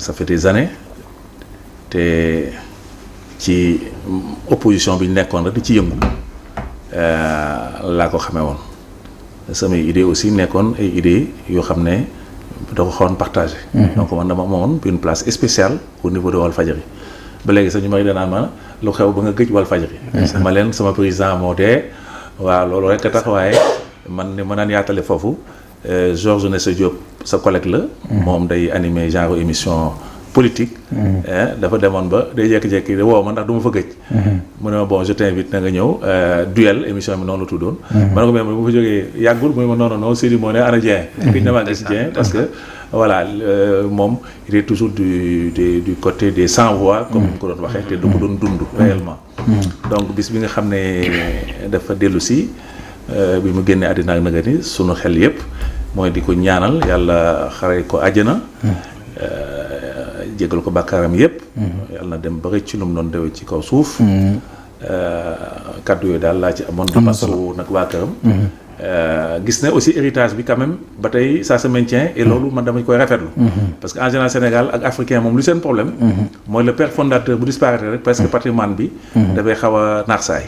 ça fait des années te ci opposition bi ñu nekkoon rek di ci yëngu euh, laa ko xamee woon samay idée aussi nekkoon ay idées yo xam ne da ko xawoon partagé. Mhm. donc man dama amoon une place spéciale au niveau de Walfadjri ba léegi sax ñu may danaa ma lu xew ba nga gëj Walfadjri. Mhm. ma leen sama président moo dee waaw loolu rek a tax waaye man ne ma naan yaatale foofu. Euh, Georges Nessa Diop sa collègue là mm-hmm. mom day animer genre émission politique. hein dafa demoon ba day jek jek de woo ma ndax duma ma fa gëj. Mm-hmm. mu bon je t'invite na nga ñëw euh, duel émission bi noonu la tuddoon. ma ko même bu fa joggé yagul muy non non noonu Sidi moo ne ana Dieng. bi ñu parce que. voilà euh, mom il est toujours du du du côté des 100 voix. comme ko doon waxé té du ko doon dund réellement. donc bis bi nga xamné dafa dellu si. Euh, bi mu génnee àddina ak naga sunu xel yëpp mooy di ko ñaanal yàlla xare ko àjjana hmm. euh, jégal ko bàkkaaram yëpp hmm. yàlla dem ba ci lu doon dewe ci kaw suuf hmm. euh, kàddu yooyu daal laa ci amoon di masu nag waa këram Euh, gis na aussi héritage bi quand même ba tey ça se maintient et mm-hmm. loolu man dama koy rafet lu mm-hmm. parce que en général Sénégal ak africain moom lu seen problème. Mm-hmm. mooy le père fondateur bu disparaître rek presque patrimoine bi. dafay xaw a naax saay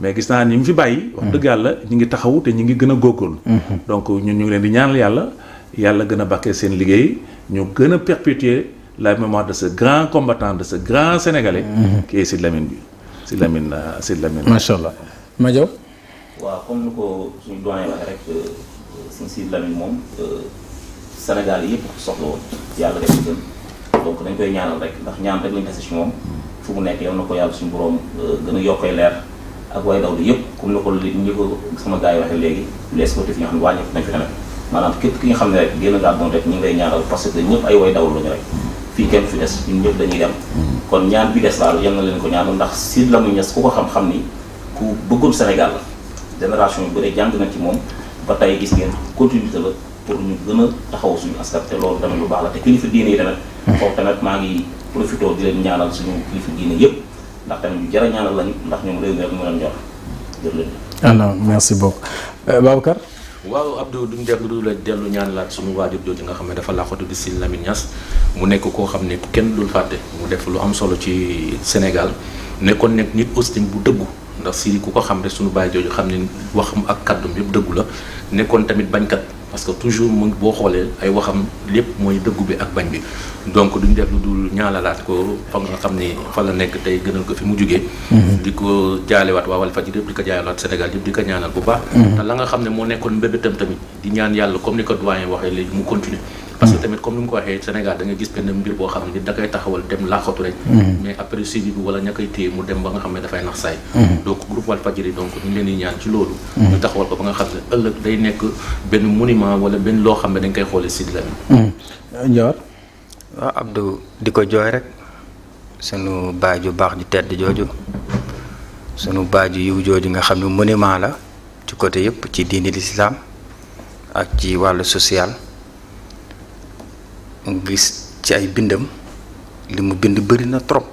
mais gis naa ñi mu fi bàyyi. wax dëgg yàlla ñi ngi taxaw te ñu ngi gën a góorgóorlu. donc ñun ñu ngi leen di ñaanal yàlla yàlla gën a bàkkee seen liggéey ñu gën a perpétuer la mémoire de ce grand combattant de ce grand sénégalais. qui est Sidy Lamine bi Sidy Lamine euh, Sidy macha allah Madiaw. waaw comme ni ko suñu doyen waxee rek euh, suñu Sidy Lamine moom euh, Sénégal yëpp soxla woon yàlla rek gën donc dañ koy ñaanal rek ndax ñaan dañ lañu dese ci moom mu nekk yow na ko yàlla suñu borom euh, gën a yokkee leer ak way daw li yëpp comme ni ko ni ko sama gars yi waxee léegi les sportifs yi nga xam maanaam képp ki nga xam ne rek génn ngaa doon rek ñu ngi lay ñaanal parce ñëpp ay way daw lañu rek fii ñëpp dañuy dem kon ñaan bi des daal yal na leen ko ñaanal ndax Sidy Lamine Niass ku ko xam-xam ni ku bëggoon Sénégal la génération yu bëri jàng na ci moom ba tey gis ngeen continuité la pour ñu gën a taxaw suñu askan te loolu tamit lu baax la te kilifa diine yi nag foofu tamit maa ngi profité di leen ñaanal suñu kilifa diine yëpp ndax tamit ñu jar a ñaanal lañu ndax ñoom réew mi rek mu leen ñor jërëjëf. alors ah merci beaucoup euh, Babacar. waaw Abdou duñ def du la dellu ñaan laat suñu waajur jooju nga xam ne dafa laaxatu di Sine Lamine Niass mu nekk koo xam ne kenn dul fàtte mu def lu am solo ci Sénégal nekkoon nekk nit austin bu dëggu. ndax si ku ko xam rek suñu bàyyi jooju xam ne waxam ak kàddum yëpp dëggu la nekkoon tamit bañkat parce que toujours mu boo xoolee ay waxam lépp mooy dëggu bi ak bañ bi donc duñ def lu dul ñaalalaat ko fa nga xam ne fa la nekk tey gënal ko fi mu jugee mm-hmm. di ko jaalewaat waa Walfadjri yëpp di ko jaalewaat Sénégal yëpp di ko ñaanal bu baax mm-hmm. te la nga xam ne moo nekkoon mbébétam tamit di ñaan yàlla comme ni ko doyen waxee léegi mu continuer parce que tamit comme num ko waxee Sénégal da nga gis benn mbir boo xam da koy taxawal dem laaxatu rek mm-hmm. mais après suivi bi wala ña koy téye mu dem ba nga xam ne dafay nax saay mm-hmm. donc groupe Walfadjri donc ñu leen di ñaan ci loolu mm-hmm. ñu taxawal ko ba nga xam ne day nekk benn monument wala benn loo xam ne dañ koy xoolee Sidi Lamine euh, Ndior waaw Abdou di ko jooy rek sunu baay ju baax ju tedd jooju sunu baay ju yiw nga xam monument la ci côté yëpp ci diini l'islam ak ci wàllu social gis ci ay bindam li mu bind bëri na trop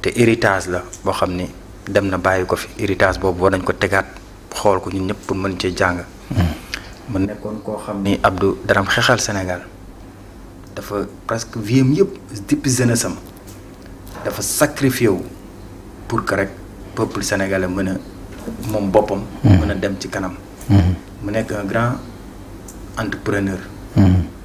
te héritage la boo xam ni dem na bàyyi ko fi héritage boobu war nañ ko tegaat xool ko ñun ñëpp pour mën cee jàng. Hmm. mu nekkoon koo xam ni abdu daram xeexal Sénégal dafa presque viem am yëpp depuis jeunesse am dafa sacrifié wu pour que rek peuple sénégalais mën a moom boppam. Hmm. mën a dem ci kanam. Hmm. mu nekk un grand entrepreneur.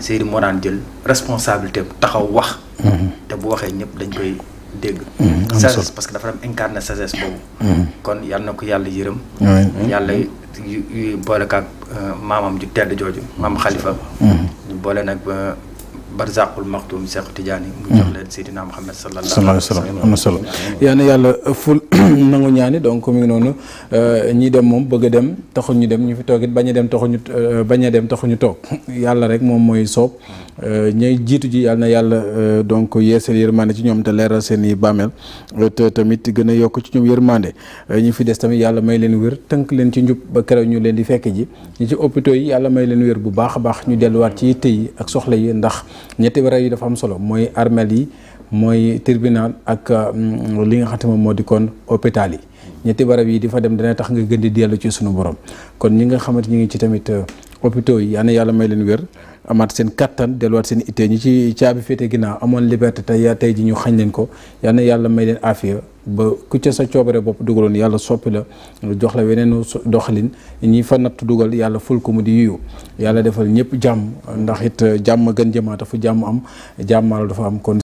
Seydi moo daan jël responsabilité taxaw wax. Mhm. te bu waxee ñëpp dañ koy dégg. Mhm, sagesse parce que dafa dem incarné sagesse boobu. Mhm. kon yal na ko yàlla yërëm. yàlla yu boole kaag euh, maamam ju tedd jooju maam Khalifa. ñu boole nag. Euh, barzaqul maxtum Cheikh Tidiane mu jox leen Seydina Mouhamed sallallahu alayhi wa sallam am na solo yal na yàlla ful nangu ñaani donc mi ngi noonu euh, ñi dem moom bëgg a dem taxul ñu dem ñu fi toog it bañ a dem taxul ñu euh, bañ a dem taxul ñu toog yàlla rek moom mooy soob Euh, ñay jiitu ji yàlla na yàlla euh, donc yeesal yërmande ci ñoom te leeral seen i bàmmeel euh, te tamit gën a yokk ci ñoom yërmande ñi fi des tamit yàlla may leen wér tënk leen ci njub ba keroog ñu leen di fekk ji ñu ci hôpitaux yi yàlla may leen wér bu baax baax ñu delluwaat ci yitte yi ak soxla yi ndax ñetti wara yi dafa am solo mooy armel yi mooy tribunal ak mm, li nga xam te moom moo di kon hôpital yi ñetti barab yi di fa dem dana tax nga gën di dellu ci sunu borom hôpitaux yi yaane yàlla may leen wér amaat seen kattan delluwaat seen itee ñi ci caabi féete ginnaaw amoon liberté tey tey ji ñu xañ leen ko yaane yàlla may leen aafiya ba ku ca sa coobare bopp dugaloon yàlla soppi la jox la weneen doxalin ñi fa natt dugal yàlla ful ko mu di yuyu yàlla defal ñëpp jàmm ndax it jàmm gën jëmaata fu jàmm am jàmmaala dafa am kon